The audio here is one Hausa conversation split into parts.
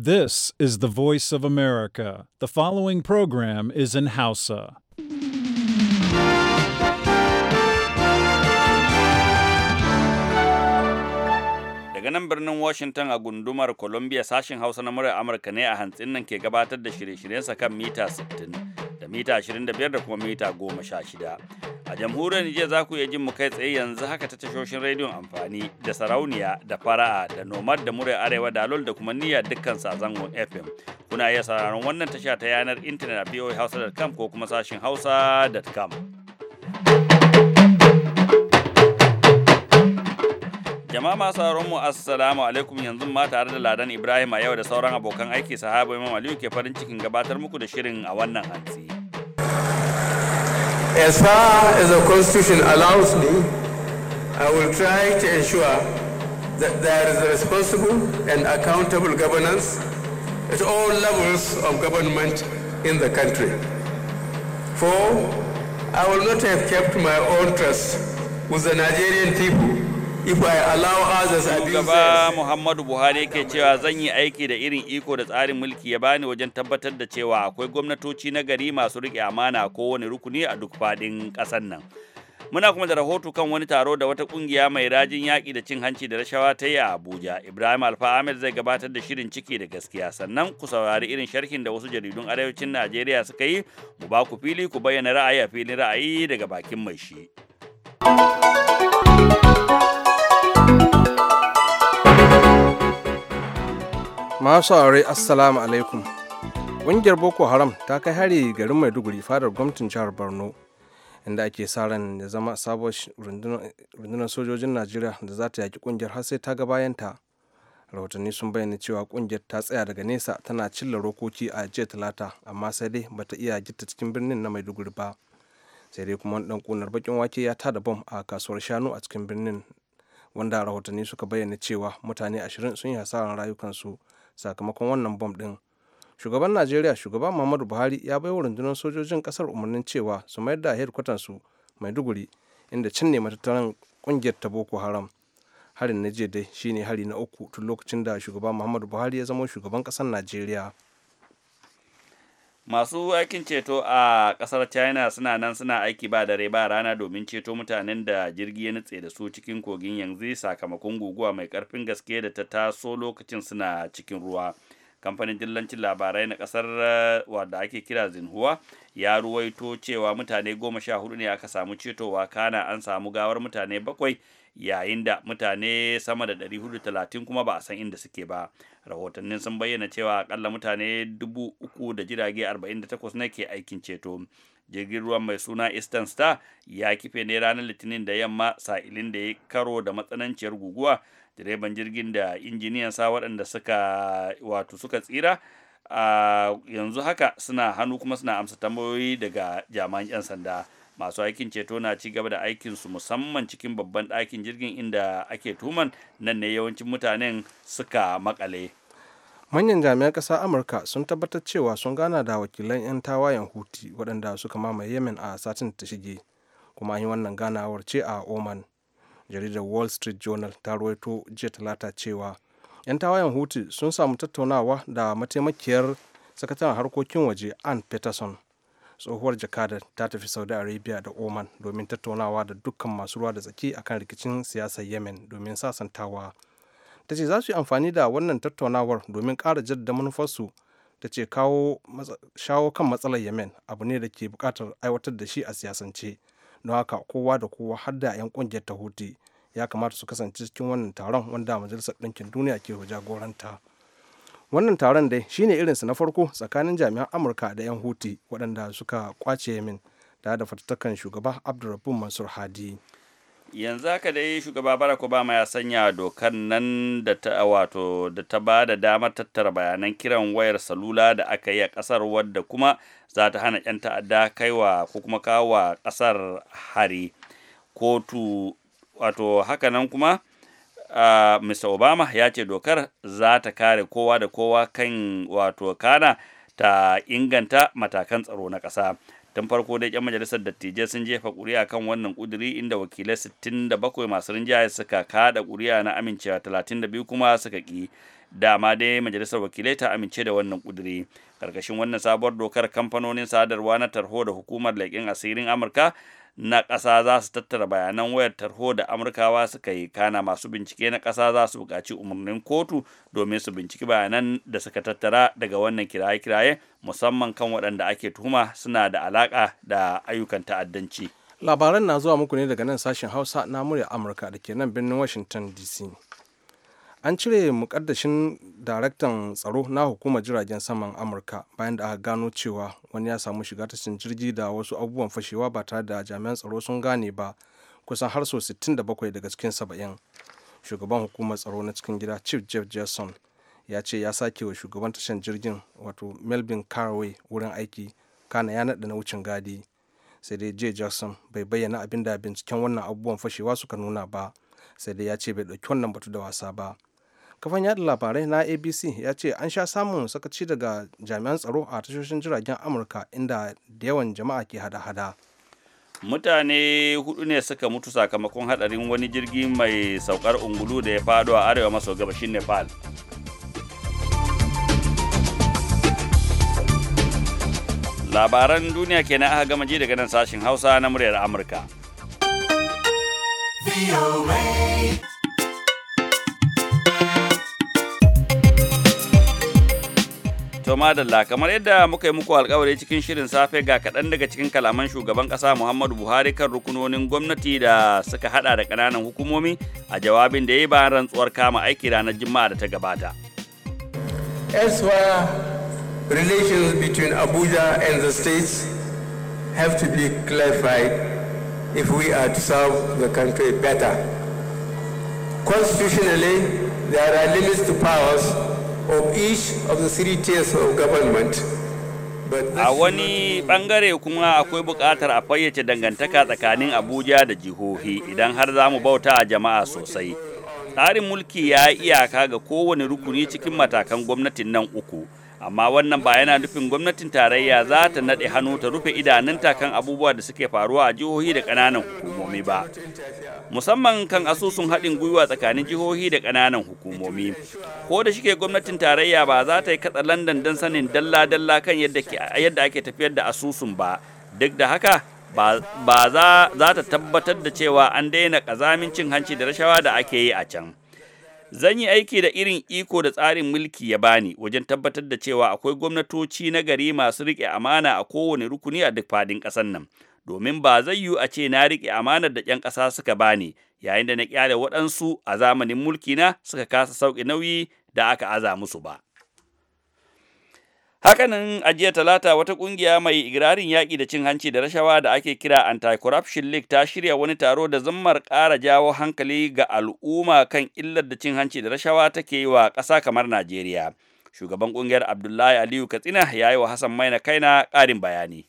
This is the voice of America. The following program is in Hausa. Daga nan birnin Washington a gundumar Columbia sashen Hausa na murar Amurka ne a hantsin nan ke gabatar da shirye-shiryensa kan mita 60. mita 25 da kuma mita 16. A jamhuriyar Nijar za ku iya jin mu kai tsaye yanzu haka ta tashoshin rediyon amfani da sarauniya da fara'a da nomad da murai arewa da alol da kuma niyya dukkan zangon FM. Kuna iya sauraron wannan tasha ta yanar intanet a voahausa.com ko kuma sashin hausa.com. Jama'a masu mu assalamu alaikum yanzu ma tare da Ladan Ibrahim a yau da sauran abokan aiki sahaba Imam Aliyu ke farin cikin gabatar muku da shirin a wannan hantsi. As far as the Constitution allows me, I will try to ensure that there is responsible and accountable governance at all levels of government in the country. For I will not have kept my own trust with the Nigerian people if I Muhammadu Buhari yake cewa zan yi aiki da irin iko da tsarin mulki ya bani wajen tabbatar da cewa akwai gwamnatoci na gari masu riƙe amana ko wani rukuni a duk fadin ƙasar nan. Muna kuma da rahoto kan wani taro da wata ƙungiya mai rajin yaƙi da cin hanci da rashawa ta yi a Abuja. Ibrahim Alfa Ahmed zai gabatar da shirin ciki da gaskiya. Sannan ku saurari irin sharhin da wasu jaridun arewacin Najeriya suka yi, mu ba ku fili ku bayyana ra'ayi a filin ra'ayi daga bakin mai shi. masu aure assalamu alaikum ƙungiyar boko haram ta kai hari garin maiduguri fadar gwamnatin jihar borno inda ake sa ran ya zama sabuwar rundunar sojojin najeriya da za ta yaki ƙungiyar har sai ta ga bayanta rahotanni sun bayyana cewa ƙungiyar ta tsaya daga nesa tana cilla rokoki a jiya talata amma sai dai bata iya gitta cikin birnin na maiduguri ba sai dai kuma ɗan kunar bakin wake ya tada bom a kasuwar shanu a cikin birnin wanda rahotanni suka bayyana cewa mutane ashirin sun yi hasarar rayukansu sakamakon wannan bom ɗin shugaban najeriya shugaban muhammadu buhari ya bai wa rundunar sojojin kasar umarnin cewa su mayar da hedkwatan su maiduguri inda can ne matattaran kungiyar ta boko haram harin na jiya dai shine hari na uku tun lokacin da shugaban muhammadu buhari ya zama shugaban kasar najeriya masu aikin ceto a ƙasar china suna nan suna aiki ba dare ba rana domin ceto mutanen da jirgi ya nutse da su cikin kogin yanzu sakamakon guguwa mai karfin gaske da ta taso lokacin suna cikin ruwa kamfanin dillancin labarai na kasar eh, wadda ake kira zinhuwa ya ruwaito cewa mutane goma sha hudu ne aka samu cetowa kana an samu gawar mutane bakwai yayin da mutane sama da 430 kuma ba a san inda suke ba rahotannin sun bayyana cewa akalla mutane dubu uku da jirage 48 ne ke aikin ceto jirgin ruwan mai suna eastern star ya kife ne ranar litinin da yamma sa'ilin da ya karo da matsananciyar guguwa direban jirgin da injiniyan sa waɗanda suka wato suka tsira a yanzu haka suna hannu kuma suna amsa tambayoyi daga jami'an 'yan sanda masu aikin ceto na ci gaba da aikinsu musamman cikin babban ɗakin jirgin inda ake tuman nan ne yawancin mutanen suka makale manyan jami'an ƙasa amurka sun tabbatar cewa sun gana da wakilan 'yan tawayen huti waɗanda suka mamaye yemen a satin ta shige kuma an yi wannan ganawar ce a oman jaridar wall street journal ta ruwaito jiya talata cewa 'yan tawayen hutu sun samu tattaunawa da mataimakiyar sakataren harkokin waje ann peterson tsohuwar jakada ta tafi saudi arabia da oman domin tattaunawa da dukkan masu ruwa da tsaki akan rikicin siyasar yemen domin sasantawa ta ce za su yi amfani da wannan tattaunawar domin ƙara jaddada manufarsu ta ce shawo kan matsalar yemen abu ne da ke bukatar aiwatar da shi a siyasance don haka kowa da kowa har da 'yan kungiyar ta huti ya kamata su kasance cikin wannan taron wanda majalisar ɗinkin duniya ke jagoranta wannan taron dai shine irinsa na farko tsakanin jami'an amurka da 'yan huti waɗanda suka kwace min, da da fatattakan shugaba abdurrabu mansur hadi yanzu haka dai shugaba barack obama ya sanya dokar nan da ta wato da ta ba da damar tattara bayanan kiran wayar salula da aka yi a kasar wadda kuma za ta hana 'yan ta'adda kaiwa ko kuma kawa kasar hari kotu wato haka nan kuma uh, mr obama ya ce dokar za ta kare kowa da kowa kan wato kana ta inganta matakan tsaro na ƙasa. tun farko dai yan majalisar dattijai sun jefa kuri'a kan wannan kuduri inda wakilai 67 masu rinjaye suka kada kuri'a na amincewa 32 kuma suka ki dama dai majalisar wakilai ta amince da wannan kuduri karkashin wannan sabuwar dokar kamfanonin sadarwa na tarho da hukumar leƙin asirin amurka na ƙasa za su tattara bayanan wayar tarho da amurkawa suka yi kana masu bincike na ƙasa za su buƙaci umarnin kotu domin su binciki bayanan da suka tattara daga wannan kiraye-kiraye musamman kan waɗanda ake tuhuma suna da alaƙa da ayyukan ta'addanci labaran na zuwa muku ne daga nan sashen hausa na murya amurka da ke nan birnin washington dc an cire mukaddashin daraktan tsaro na hukumar jiragen saman amurka bayan da aka gano cewa wani ya samu shiga tashin jirgi da wasu abubuwan fashewa ba tare da jami'an tsaro sun gane ba kusan har so 67 daga cikin 70 shugaban hukumar tsaro na cikin gida chief jeff jason ya ce ya sake wa shugaban tashar jirgin wato melvin carway wurin aiki kana ya naɗa na wucin gadi sai dai jay jackson bai bayyana abin da binciken wannan abubuwan fashewa suka nuna ba sai dai ya ce bai ɗauki wannan batu da wasa ba kafan yada labarai na abc ya ce an sha samun sakaci daga jami'an tsaro a tashoshin jiragen amurka inda da yawan jama'a ke hada-hada mutane hudu ne suka mutu sakamakon hadarin wani jirgi mai saukar ungulu da ya fado a arewa maso gabashin nepal labaran duniya kenan aka gama ji daga nan sashen hausa na muryar amurka VOA. To madalla kamar yadda muka yi muku alkawari cikin shirin safe ga kaɗan daga cikin kalaman shugaban ƙasa Muhammadu Buhari kan rukunonin gwamnati da suka haɗa da ƙananan hukumomi a jawabin da ya yi bayan rantsuwar kama aiki ranar Juma'a da ta gabata. relations between Abuja and the states have to be clarified if we are to serve the country better. Constitutionally, there are limits to powers of each of the three A wani bangare kuma akwai buƙatar a fayyace dangantaka tsakanin Abuja da jihohi idan har za mu bauta a jama'a sosai. Tsarin mulki ya iyaka ga kowane rukuni cikin matakan gwamnatin nan uku. amma wannan ba yana nufin gwamnatin tarayya za ta naɗe hannu ta rufe idanunta kan abubuwa da suke faruwa a jihohi da kananan hukumomi ba musamman kan asusun haɗin gwiwa tsakanin jihohi da kananan hukumomi ko da shike gwamnatin tarayya ba za ta yi katsa landan don sanin dalla-dalla kan yadda ake tafiyar da asusun ba duk da haka ba za ta tabbatar da cewa an daina ƙazamin cin hanci da rashawa da ake yi a can zan yi aiki da irin iko da tsarin mulki ya bani wajen tabbatar da cewa akwai gwamnatoci na gari masu riƙe amana a kowane rukuni a duk faɗin ƙasar nan domin ba zai yiwu a ce na riƙe amanar da ƴan ƙasa suka bani yayin da na ƙyale waɗansu a zamanin mulki na suka kasa sauƙi nauyi da aka aza musu ba Hakanan a jiya talata wata kungiya mai igirarin yaƙi da cin hanci da rashawa da ake kira Anti-Corruption League ta shirya wani taro da zammar ƙara jawo hankali ga al'umma kan illar da cin hanci da rashawa take yi wa ƙasa kamar Najeriya. Shugaban ƙungiyar Abdullahi Aliyu Katsina ya yi wa Hassan Maina Kaina ƙarin bayani.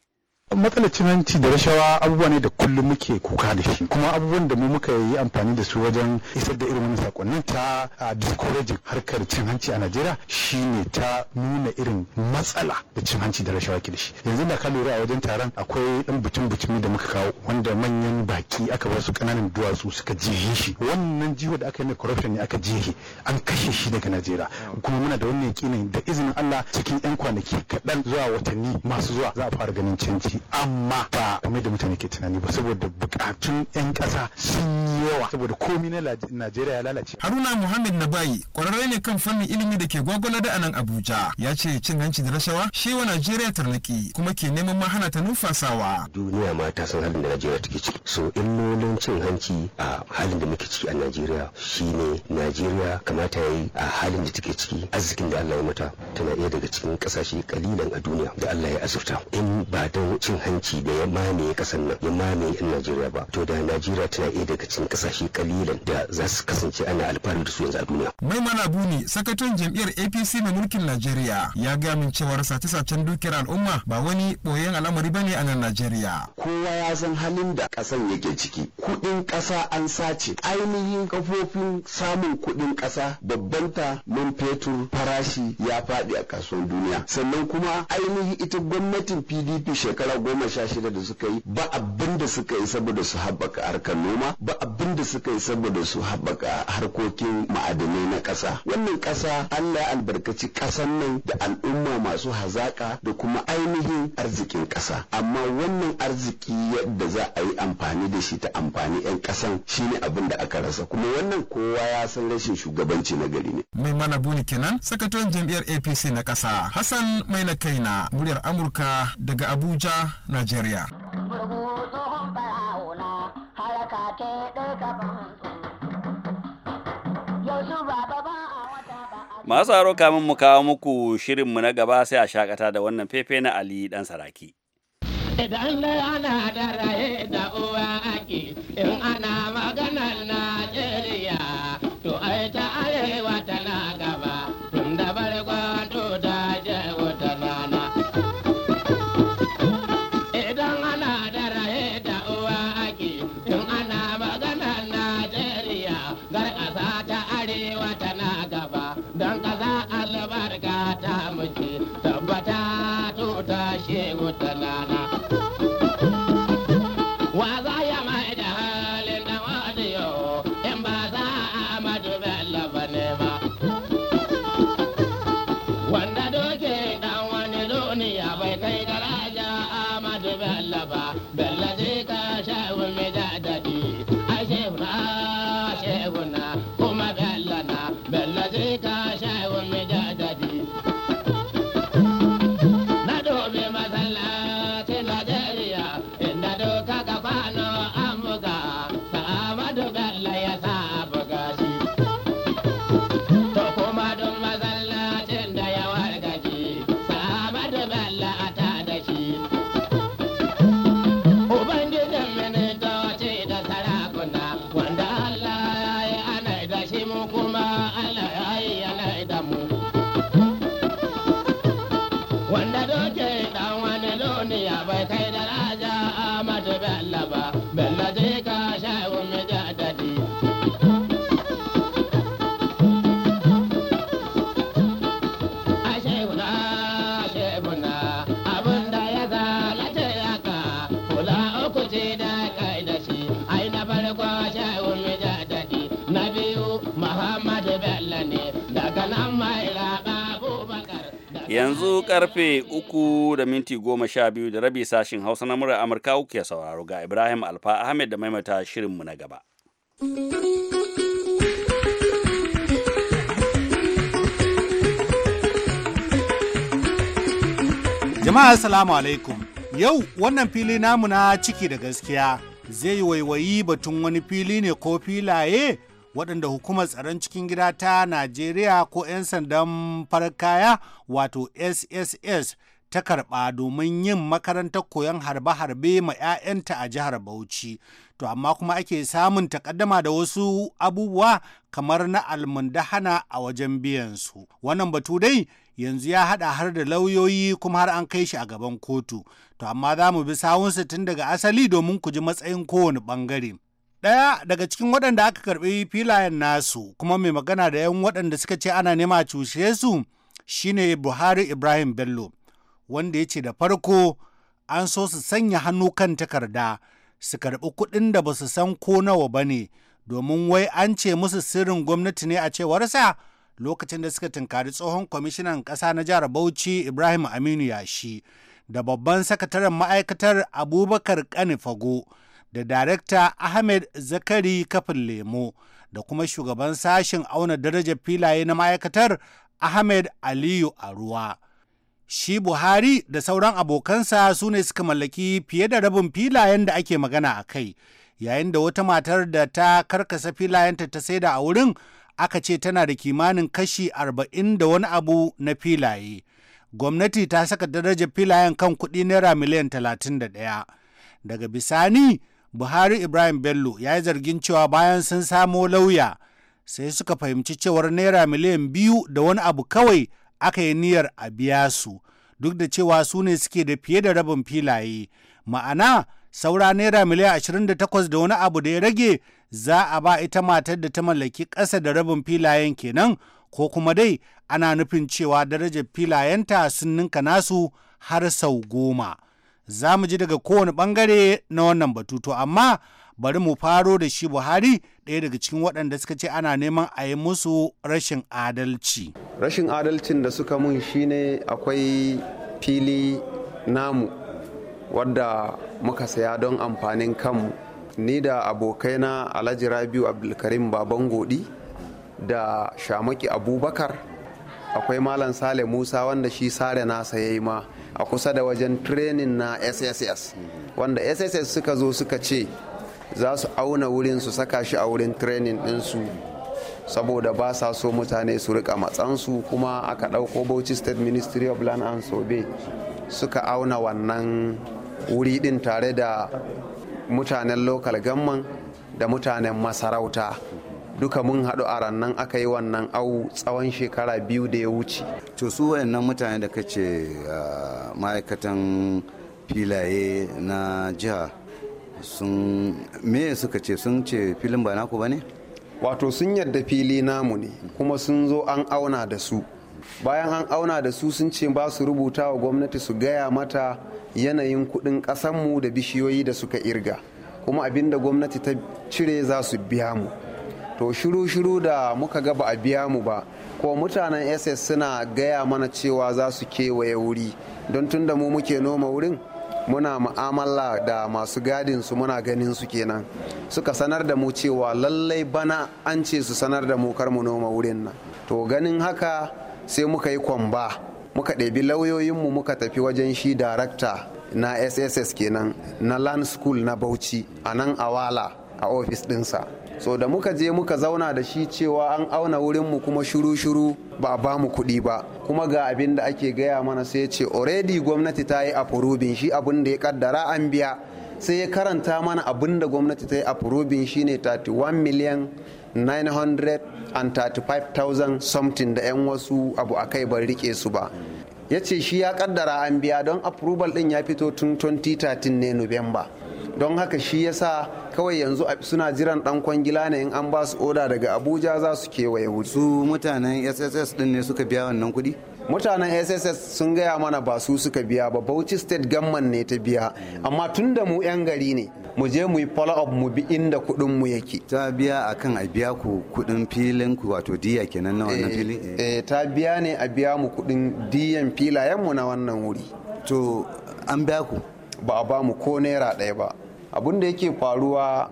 matsalar cin hanci da rashawa abubuwa ne da kullum muke kuka da shi kuma abubuwan da mu muka yi amfani da su wajen isar da irin wannan sakonnin ta discouraging harkar cin hanci a Najeriya shine ta nuna irin matsala da cin hanci da rashawa ke da shi yanzu da ka lura a wajen taron akwai ɗan butun butumi da muka kawo wanda manyan baki aka bar su kananan duwatsu suka jihe shi wannan jiho da aka yi na corruption ne aka jihe an kashe shi daga Najeriya kuma muna da wannan yakinin da izinin Allah cikin yan kwanaki kaɗan zuwa watanni masu zuwa za a fara ganin canji amma ba kamar da mutane ke tunani ba saboda bukatun 'yan ƙasa sun yi yawa saboda komi na Najeriya ya lalace. Haruna Muhammad Nabayi kwararre ne kan fannin ilimi da ke gwagwalada da anan Abuja ya ce cin hanci da rashawa shi wa Najeriya tarnaki kuma ke neman ma hana ta numfasawa. Duniya ma ta san halin da Najeriya take ciki. So illolin cin hanci a halin da muke ciki a Najeriya shine Najeriya kamata yayi a halin da take ciki arzikin da Allah ya mata tana iya daga cikin kasashe kalilan a duniya da Allah ya azurta in ba don cin hanci da ya mamaye kasar nan ya mamaye yan najeriya ba to da najeriya tana iya daga cikin kasashe kalilan da za su kasance ana alfahari da su yanzu a duniya mai mana buni sakataren jam'iyyar apc na mulkin najeriya ya ga min cewar sace-sacen dukiyar al'umma ba wani boyen al'amari bane a nan najeriya kowa ya san halin da kasan yake ciki kuɗin ƙasa an sace ainihin kafofin samun kuɗin ƙasa babbanta man fetur farashi ya faɗi a kasuwar duniya sannan kuma ainihin ita gwamnatin pdp shekara goma sha shida da suka yi ba abin da suka yi saboda su haɓaka harkar noma ba abin da suka yi saboda su haɓaka harkokin ma'adanai na ƙasa wannan ƙasa Allah albarkaci ƙasan nan da al'umma masu hazaƙa da kuma ainihin arzikin ƙasa amma wannan arziki yadda za a yi amfani da shi ta amfani 'yan ƙasan shine abin da aka rasa kuma wannan kowa ya san rashin shugabanci na gari ne. Mai mana buni kenan sakataren jam'iyyar APC na ƙasa Hassan Maina Kaina muryar Amurka daga Abuja Najeriya. Masu haro kamun mu kawo muku shirinmu na gaba sai a shakata da wannan fefe na Ali Dan Saraki. Idan ana da raye da uwa ake in ana maganar wanda doke yanzu karfe uku da minti goma sha biyu da rabi sashin hausa na murar amurka uku ya sauraro ga ibrahim alfa ahmed da maimaita shirinmu na gaba jama'a assalamu alaikum yau wannan fili namu na ciki da gaskiya zai waiwayi batun wani fili ne ko filaye waɗanda hukumar tsaron cikin gida ta najeriya ko 'yan sandan farkaya wato sss ta karɓa domin yin makarantar koyon harbe-harbe ma 'ya'yanta a jihar Bauchi. To amma kuma ake samun takaddama da wasu abubuwa kamar na almundahana a wajen biyan su. Wannan batu dai yanzu ya haɗa har da lauyoyi kuma har an kai shi a gaban kotu. To amma za mu bi sawunsa tun daga asali domin ku ji matsayin kowane ɓangare. Ɗaya daga cikin waɗanda aka karɓi filayen nasu kuma mai magana da 'yan waɗanda suka ce ana nema cushe su shine Buhari Ibrahim Bello, wanda ya ce da farko an so su sanya hannu kan takarda su karɓi kuɗin da ba su san ko nawa ba ne domin wai an ce musu sirrin gwamnati ne a cewarsa lokacin da suka tunkari tsohon kwamishinan ƙasa na jihar Bauchi Ibrahim Aminu Yashi da babban sakataren ma'aikatar Abubakar Kanifago fago. da Darekta Ahmed Zakari kafin lemo da kuma shugaban sashen auna darajar filaye na ma'aikatar Ahmed Aliyu a ruwa. Shi Buhari da sauran abokansa su ne suka mallaki fiye da rabin filayen da ake magana a kai, yayin da wata matar da ta karkasa filayenta ta saida a wurin aka ce tana da kimanin kashi arba'in da wani abu na filaye. Gwamnati ta saka darajar filayen kan kuɗi naira miliyan talatin da ɗaya. Daga bisani Buhari Ibrahim Bello ya yi zargin cewa bayan sun samo lauya sai suka fahimci cewar naira miliyan biyu da wani abu kawai aka yi niyyar a biya su duk da cewa su ne suke da fiye da rabin filaye ma'ana saura naira miliyan 28 da wani abu da ya rage za a ba ita matar da ta mallaki ƙasa da rabin filayen kenan ko kuma dai ana nufin cewa darajar filayenta sun ninka nasu har sau goma. za mu ji daga kowane bangare na wannan batu to amma bari mu faro da shi buhari ɗaya daga cikin waɗanda suka ce ana neman a yi musu rashin adalci rashin adalcin da suka mun shine akwai fili namu wadda muka saya don amfanin kanmu ni da abokaina alhaji rabiu abdulkarim baban godi da shamaki abubakar akwai malam sale musa wanda shi sare nasa ya yi ma a kusa da wajen training na sss wanda sss suka zo suka ce za su auna wurin su saka shi a wurin training ɗinsu saboda ba sa so mutane su rika matsansu kuma aka ɗauko bauchi state ministry of land and sobe suka auna wannan wuri ɗin tare da mutanen local gamman da mutanen masarauta duka mun haɗu a rannan aka yi wannan au tsawon shekara biyu da ya wuce to su wayannan mutane da kace ma'aikatan filaye na jiha sun me suka ce sun ce filin ba naku ba ne wato sun yadda fili namu ne kuma sun zo an auna da su bayan an auna da su sun ce ba su rubuta wa gwamnati su gaya mata yanayin kudin kasanmu da bishiyoyi da suka irga kuma abinda gwamnati ta cire za su biya mu to shiru-shiru da muka gaba a biya mu ba ko mutanen ss suna gaya mana cewa za su kewaye wuri don tun da mu muke noma wurin muna mu'amala da masu gadin su muna ganin su kenan suka sanar da mu cewa lallai bana an ce su sanar da mu kar mu noma wurin nan to ganin haka sai muka yi kwamba muka ɗebi lauyoyinmu muka tafi wajen shi darakta na sss kenan na land school na bauchi a nan awala a ofis dinsa. so da muka je muka zauna da shi cewa an auna wurinmu kuma shuru-shuru ba a ba mu kuɗi ba kuma ga abin da ake gaya mana sai ce already gwamnati ta yi afurubin shi abin da ya kaddara an biya sai ya karanta mana abin da gwamnati ta yi afurubin shi ne 31 million 935,000 something da 'yan wasu abu a kai ban rike su ba ya ce shi ya kaddara an biya don approval din ya fito tun 2013 ne november don haka shi ya sa kawai yanzu suna jiran dan kwangila ne in an ba su oda daga abuja za su kewaye wuri su mutanen sss din ne suka biya wannan kuɗi mutanen sss sun gaya mana ba su suka biya ba bauchi state gamman ne ta biya amma tun da mu 'yan gari ne mu je mu yi follow up mu bi inda kudin mu yake ta biya akan a biya ku kudin filin ku wato diya kenan na wannan eh, filin eh ta biya ne a biya mu kudin diyan filayen mu na wannan wuri to an biya ku ba a ba mu ko naira ɗaya ba abin da yake faruwa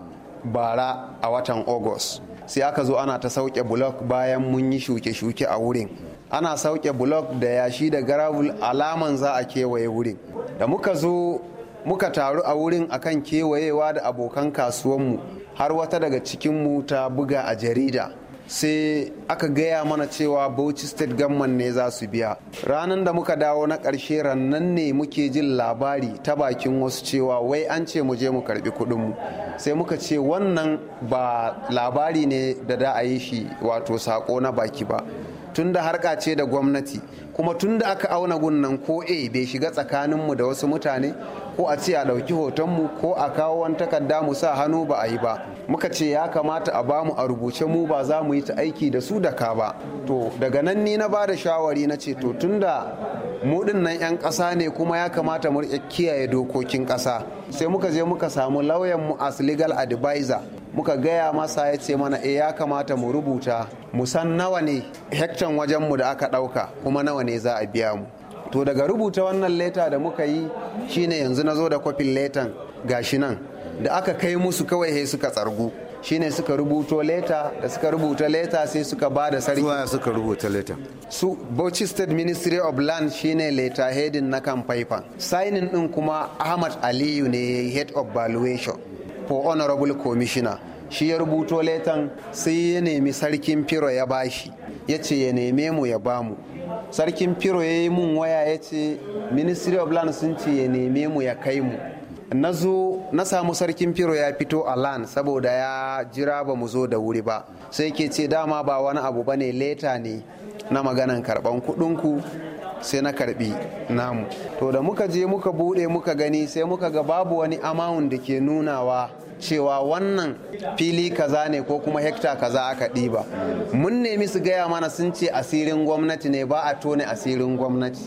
bara a watan august sai aka zo ana ta sauke block bayan mun yi shuke-shuke a wurin ana sauke block da yashi da garabul alaman za a kewaye wurin da muka zo muka taru a wurin akan kewayewa da abokan kasuwanmu har wata daga cikinmu ta buga a jarida sai aka gaya mana cewa bauchi state gamman ne za su biya ranar da muka dawo na ƙarshe rannan ne muke jin labari ta bakin wasu cewa wai an ce mu je mu karbi kuɗinmu sai muka ce wannan ba labari ne da da a yi shi wato sako na baki ba tunda harka ce da gwamnati kuma tunda aka auna gunnan ko a bai shiga tsakaninmu da wasu mutane ko a ce a ɗauki hotonmu ko a kawo wani takarda mu sa hannu ba a yi ba muka ce ya kamata a bamu a rubuce mu ba za mu yi ta aiki da su da ka ba to daga nan ni na ba da shawari na ce to tunda mu ɗin nan 'yan ƙasa ne kuma ya kamata mu riƙe kiyaye dokokin ƙasa sai muka je muka samu lauyan mu as legal advisor muka gaya masa ya ce mana e ya kamata mu rubuta mu san nawa ne hektan wajenmu da aka ɗauka kuma nawa ne za a biya mu to daga rubuta wannan leta da muka yi shine yanzu na zo da kwafin letan ga shi nan da aka kai musu kawai sai suka tsargu shine suka rubuto leta da suka rubuta leta sai suka ba da sarki zuwa suka rubuta leta su Bauchi State Ministry of Land shine leta hedin na kan faifan signing din kuma Ahmad Aliyu ne head of valuation for honorable commissioner shi ya rubuto letan sai ya nemi sarkin firo ya bashi ya ce ya neme mu ya bamu sarkin firo ya yi mun waya ya ce ministry of land sun ce ya neme mu ya kai mu na zo na samu sarkin firo ya fito a land saboda ya jira ba mu zo da wuri ba sai ke ce dama ba wani abu ba ne leta ne na maganan karban kudinku sai na karbi namu to da muka je muka bude muka gani sai muka ga babu wani amount da ke nunawa cewa wannan fili kaza ne ko kuma hekta kaza aka ɗiba mun nemi su gaya mana sun ce asirin gwamnati ne ba a tone asirin gwamnati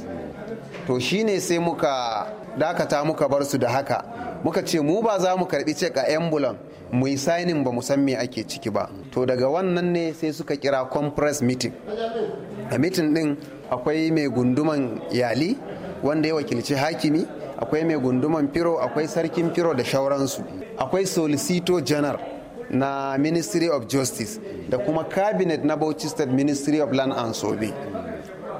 to shine sai muka dakata muka bar su da haka muka ce mu ba za mu karbi cek a ambulan mu yi sainin ba mu san me ake ciki ba to daga wannan ne sai suka kira compress meeting a meeting din akwai mai gunduman yali wanda ya wakilci hakimi akwai mai gunduman firo akwai sarkin firo da shauransu akwai solicitor general na ministry of justice da kuma cabinet na bauchi state ministry of land and sobe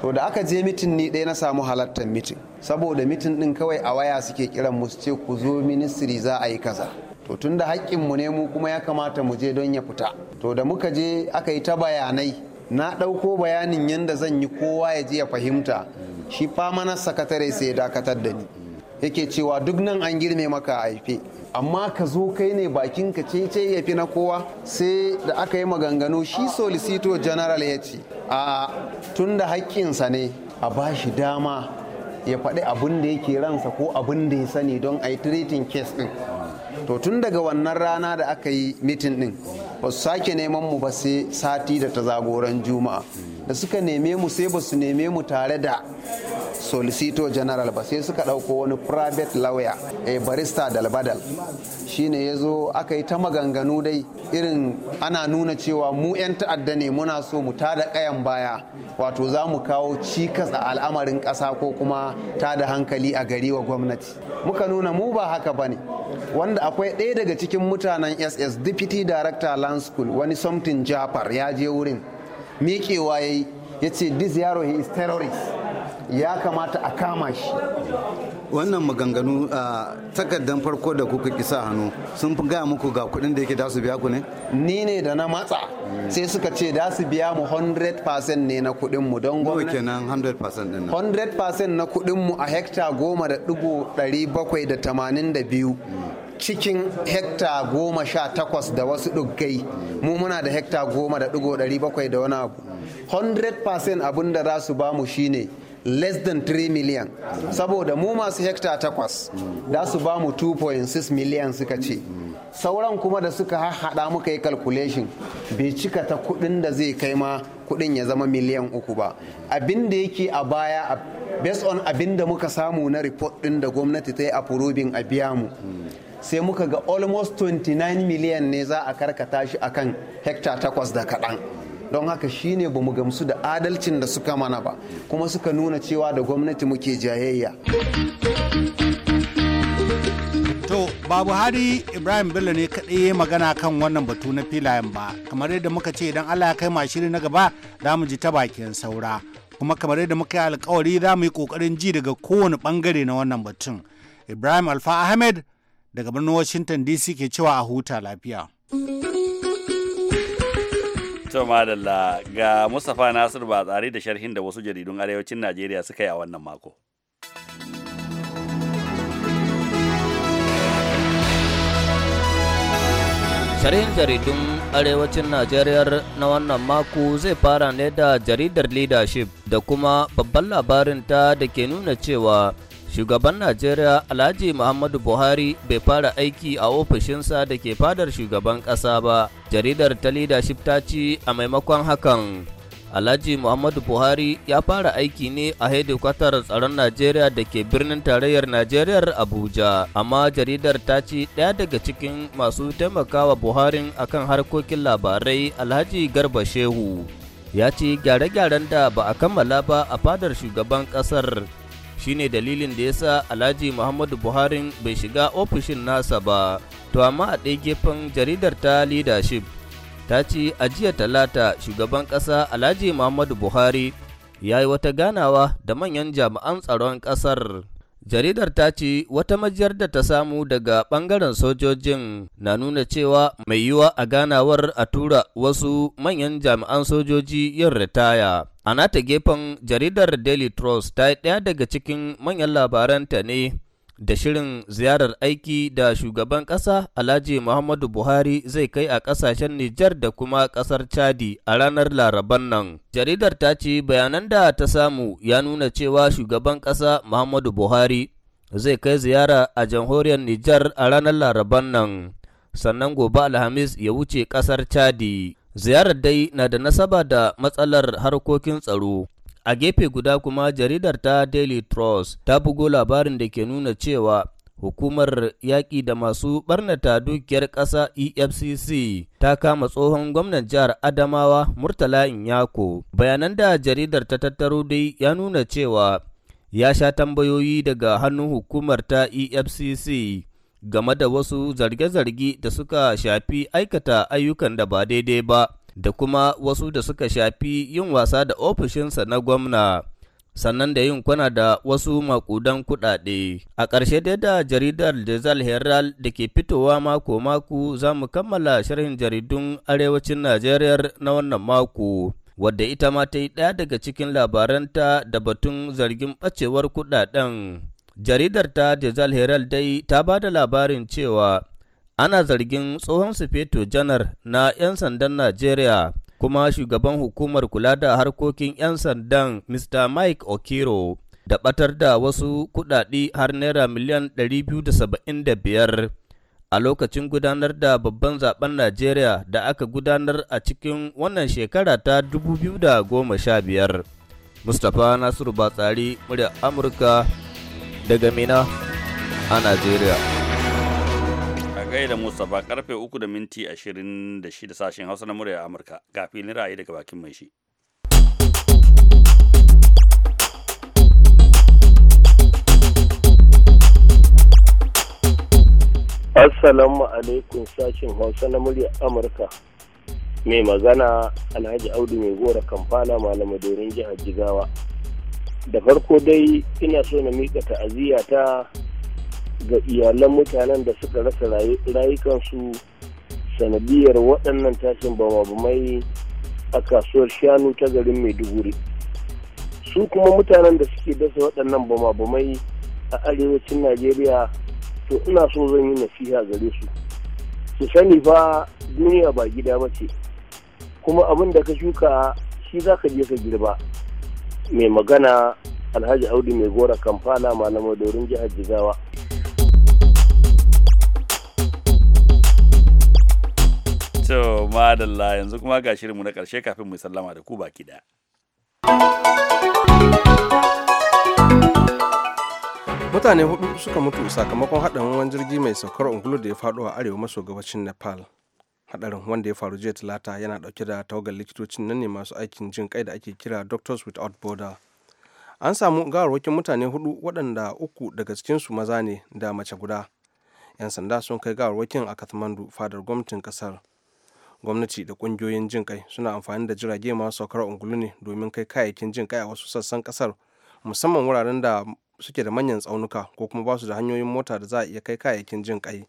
to da aka je mitin ni ɗaya na samu halartar mitin saboda mitin ɗin kawai a waya suke kiran mu su ce ku zo ministry za a yi kaza to tun da mu ne mu kuma ya kamata mu je don ya fita to da muka je aka yi ta bayanai na ɗauko bayanin yadda zan yi kowa ya je ya fahimta shi fama na sakatare sai ya dakatar da ni yake cewa duk nan an girme maka a haife amma ka zo kai ne bakinka ce ce ya fi na kowa sai da aka yi maganganu shi solicitor general ya ce a tun da haƙƙinsa ne a ba shi dama ya faɗi abin da yake ransa ko abin da ya sani don a yi treating case ɗin to tun daga wannan rana da aka yi mitin ɗin ba su sake neman mu ba sai sati da ta zagoran juma'a da suka neme mu sai ba su neme mu tare da solicitor general ba sai suka ɗauko wani private lawyer a eh, barista dalbadal shine ya zo aka yi ta maganganu dai irin ana nuna cewa mu 'yan ta'adda ne muna so mu tada kayan baya wato za mu kawo cikas a al'amarin ƙasa ko kuma tada hankali a gari wa gwamnati muka nuna mu ba haka ba ne wanda akwai ɗaya daga cikin mutanen ss deputy director land school wani something jafar ya je wurin miƙewa ya yi ya ce this yaro he is terrorist ya kamata a kama shi wannan maganganu a ah, takardar farko da kuka kisa hannu sun fi gaya muku ga kuɗin da yake da su biya ku ne ni ne da na matsa sai suka ce da su biya mu 100% ne na kudin mu don gwamnati kenan 100% din 100% na kudin mu a hekta goma da digo ɗari bakwai da tamanin da biyu cikin hekta goma sha takwas da wasu ɗuggai mu muna da hekta goma da ɗigo ɗari bakwai da wani abu 100% abin da za su bamu shine less than 3 million saboda mu masu hekta takwas da su bamu 2.6 million suka ce sauran kuma da suka haɗa muka yi calculation bai cika ta kuɗin da zai kai ma kuɗin ya zama miliyan uku ba abin da yake a baya based on abin da muka samu na report ɗin da gwamnati ta yi approving a biya mu sai muka ga almost 29 miliyan ne za a karkata shi akan hekta takwas da kaɗan don haka shine ba mu gamsu da adalcin da suka mana ba kuma suka nuna cewa da gwamnati muke jayayya to babu hari ibrahim bello ne kaɗai magana kan wannan batu na filayen ba kamar yadda muka ce idan allah ya kai mashiri na gaba za mu ji ta bakin saura kuma kamar yadda muka yi alkawari za mu yi kokarin ji daga kowane bangare na wannan batun ibrahim alfa ahmed daga birnin Washington DC ke cewa a huta lafiya. To madalla ga Mustapha Nasiru ba tsari da sharhin da wasu jaridun arewacin Najeriya suka yi a wannan mako. Sharhin jaridun arewacin Najeriya na wannan mako zai fara ne da jaridar leadership da kuma babban labarin ta da ke nuna cewa Shugaban Najeriya Alhaji Muhammadu Buhari bai fara aiki a ofishinsa da ke fadar shugaban ƙasa ba, jaridar ta leadership ta ci a maimakon hakan. Alhaji Muhammadu Buhari ya fara aiki ne a hedikwatar tsaron Najeriya da ke birnin tarayyar Najeriya Abuja, amma jaridar ta ce ɗaya daga cikin masu taimakawa Buharin akan harkokin labarai Alhaji Garba Shehu. Ya ce gyare-gyaren da ba a kammala ba a fadar shugaban ƙasar shine dalilin da ya sa alhaji muhammadu buhari bai shiga ofishin nasa ba to amma a ɗaya gefen jaridar ta leadership ta ce a jiya talata shugaban ƙasa alhaji muhammadu buhari ya yi wata ganawa da manyan jami'an tsaron ƙasar jaridar ta ce wata majiyar da ta samu daga ɓangaren sojojin na nuna cewa mai yiwa a ganawar a tura wasu manyan jami'an sojoji yin ritaya A nata gefen jaridar Daily Trust ta yi ɗaya daga cikin manyan labaranta ne da shirin ziyarar aiki da shugaban ƙasa Alhaji Muhammadu Buhari zai kai a ƙasashen Nijar da kuma ƙasar Chadi a ranar Laraban nan. Jaridar ta ce bayanan da ta samu ya nuna cewa shugaban ƙasa Muhammadu Buhari zai kai ziyara a jamhuriyar Nijar a ranar Laraban nan, sannan gobe Alhamis ya wuce ƙasar Chadi. Ziyarar dai na da nasaba da matsalar harkokin tsaro. A gefe guda kuma jaridar ta Daily Trust ta bugo labarin da ke nuna cewa hukumar yaƙi da masu barnata dukiyar ƙasa efcc ta kama tsohon gwamnan jihar adamawa murtala inyako bayanan da jaridar ta tattaro dai ya nuna cewa ya sha tambayoyi daga hannun hukumar ta efcc game da wasu zarge-zarge da suka shafi aikata ayyukan da ba daidai ba da kuma wasu da suka shafi yin wasa da ofishinsa na gwamna sannan da yin kwana da wasu makudan kuɗaɗe. A ƙarshe dai da jaridar Dezal Herald da ke fitowa mako-mako za mu kammala shirin jaridun arewacin Najeriya na wannan mako. Wadda ita ma ta yi ɗaya daga cikin labaranta da batun zargin ɓacewar kuɗaɗen. Jaridar ta Dezal Herald dai ta ba da labarin cewa ana zargin tsohon sufeto janar na 'yan sandan Najeriya kuma shugaban hukumar kula da harkokin 'yan sandan Mr. Mike Okiro da batar da wasu kuɗaɗe har naira miliyan 275 a lokacin gudanar da babban zaben Najeriya da aka gudanar a cikin wannan shekara ta 2015. Mustapha Nasiru Batsari, murya Amurka, daga Mina a Najeriya. A gaida Mustapha karfe 3 da minti 26 sashen Hausa na murya Amurka ga filin ra'ayi daga bakin mai shi. Assalamu alaikum sashen Hausa na murya Amurka. Mai magana Alhaji Audu mai gora Kamfana malamai dorin jihar Jigawa. da farko dai ina so na miƙa ta'aziyya ta ga iyalan mutanen da suka rasa rayukansu sanadiyar waɗannan tashin bamabamai a kasuwar shanu ta garin maiduguri su kuma mutanen da suke dasa waɗannan bamabamai a arewacin najeriya to ina so zan yi nasiha gare su su sani fa duniya ba gida ba ce kuma abin da ka shuka shi za ka je ka girba mai magana alhaji audu mai gora kamfana malamai dorin jihar jigawa to madalla yanzu kuma ga shirinmu na ƙarshe kafin mu sallama da ku baki da mutane hudu suka mutu sakamakon haɗin wani jirgi mai saukar ungulu da ya faɗo a arewa maso gabashin nepal hadarin wanda ya faru jiya talata yana dauke da tawagar likitocin nan ne masu aikin jin kai da ake kira doctors without border an samu gawarwakin mutane hudu waɗanda uku daga cikinsu maza ne da mace guda 'yan sanda sun kai gawarwakin a kathmandu fadar gwamnatin kasar gwamnati da kungiyoyin jin kai suna amfani da jirage masu saukar ungulu ne domin kai kayayyakin jin kai a wasu sassan kasar musamman wuraren da suke da manyan tsaunuka ko kuma basu da hanyoyin mota da za a iya kai kayayyakin jin kai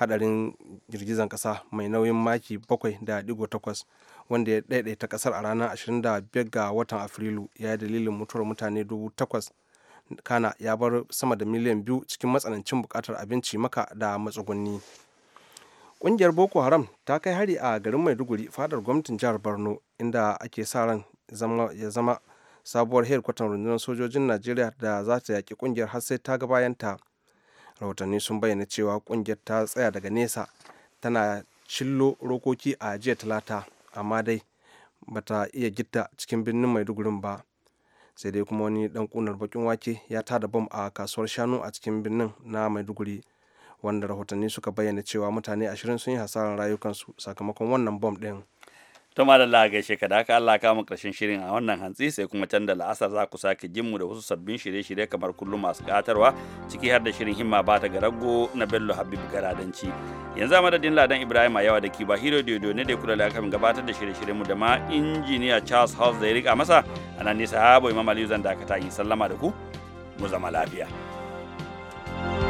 hadarin girgizan kasa mai nauyin maki 7.8 wanda ya daidaita kasar a ranar 25 ga watan afrilu ya yi dalilin mutuwar mutane 8,000 kana ya bar sama da miliyan biyu cikin matsanancin bukatar abinci maka da matsugunni ƙungiyar boko haram ta kai hari a garin maiduguri fadar gwamnatin jihar borno inda ake sa ran ya zama sabuwar hedkwatan rundunar sojojin najeriya da za ta yaƙi ƙungiyar har sai ta ga bayanta rahotanni sun bayyana cewa kungiyar ta tsaya daga nesa tana cillo rokoki a jiya talata amma dai bata iya gitta cikin birnin maidugurin ba sai dai kuma wani dan kunar bakin wake ya tada bom a kasuwar shanu a cikin birnin na maiduguri wanda rahotanni suka bayyana cewa mutane ashirin sun yi hasarar rayukansu sakamakon wannan bom din. to madalla gaishe ka da haka Allah ka mu karshen shirin a wannan hantsi sai kuma can da la'asar za ku sake jin mu da wasu sabbin shirye-shirye kamar kullum masu katarwa ciki har da shirin himma ba ta garago na Bello Habib Garadanci yanzu a madadin Ladan Ibrahim a yawa da hero Hiro Dodo ne da kula da kan gabatar da shirye-shiryen mu da ma injiniya Charles House da ya rika masa anan ne sahabo Imam Ali zan dakata yi sallama da ku mu zama lafiya thank you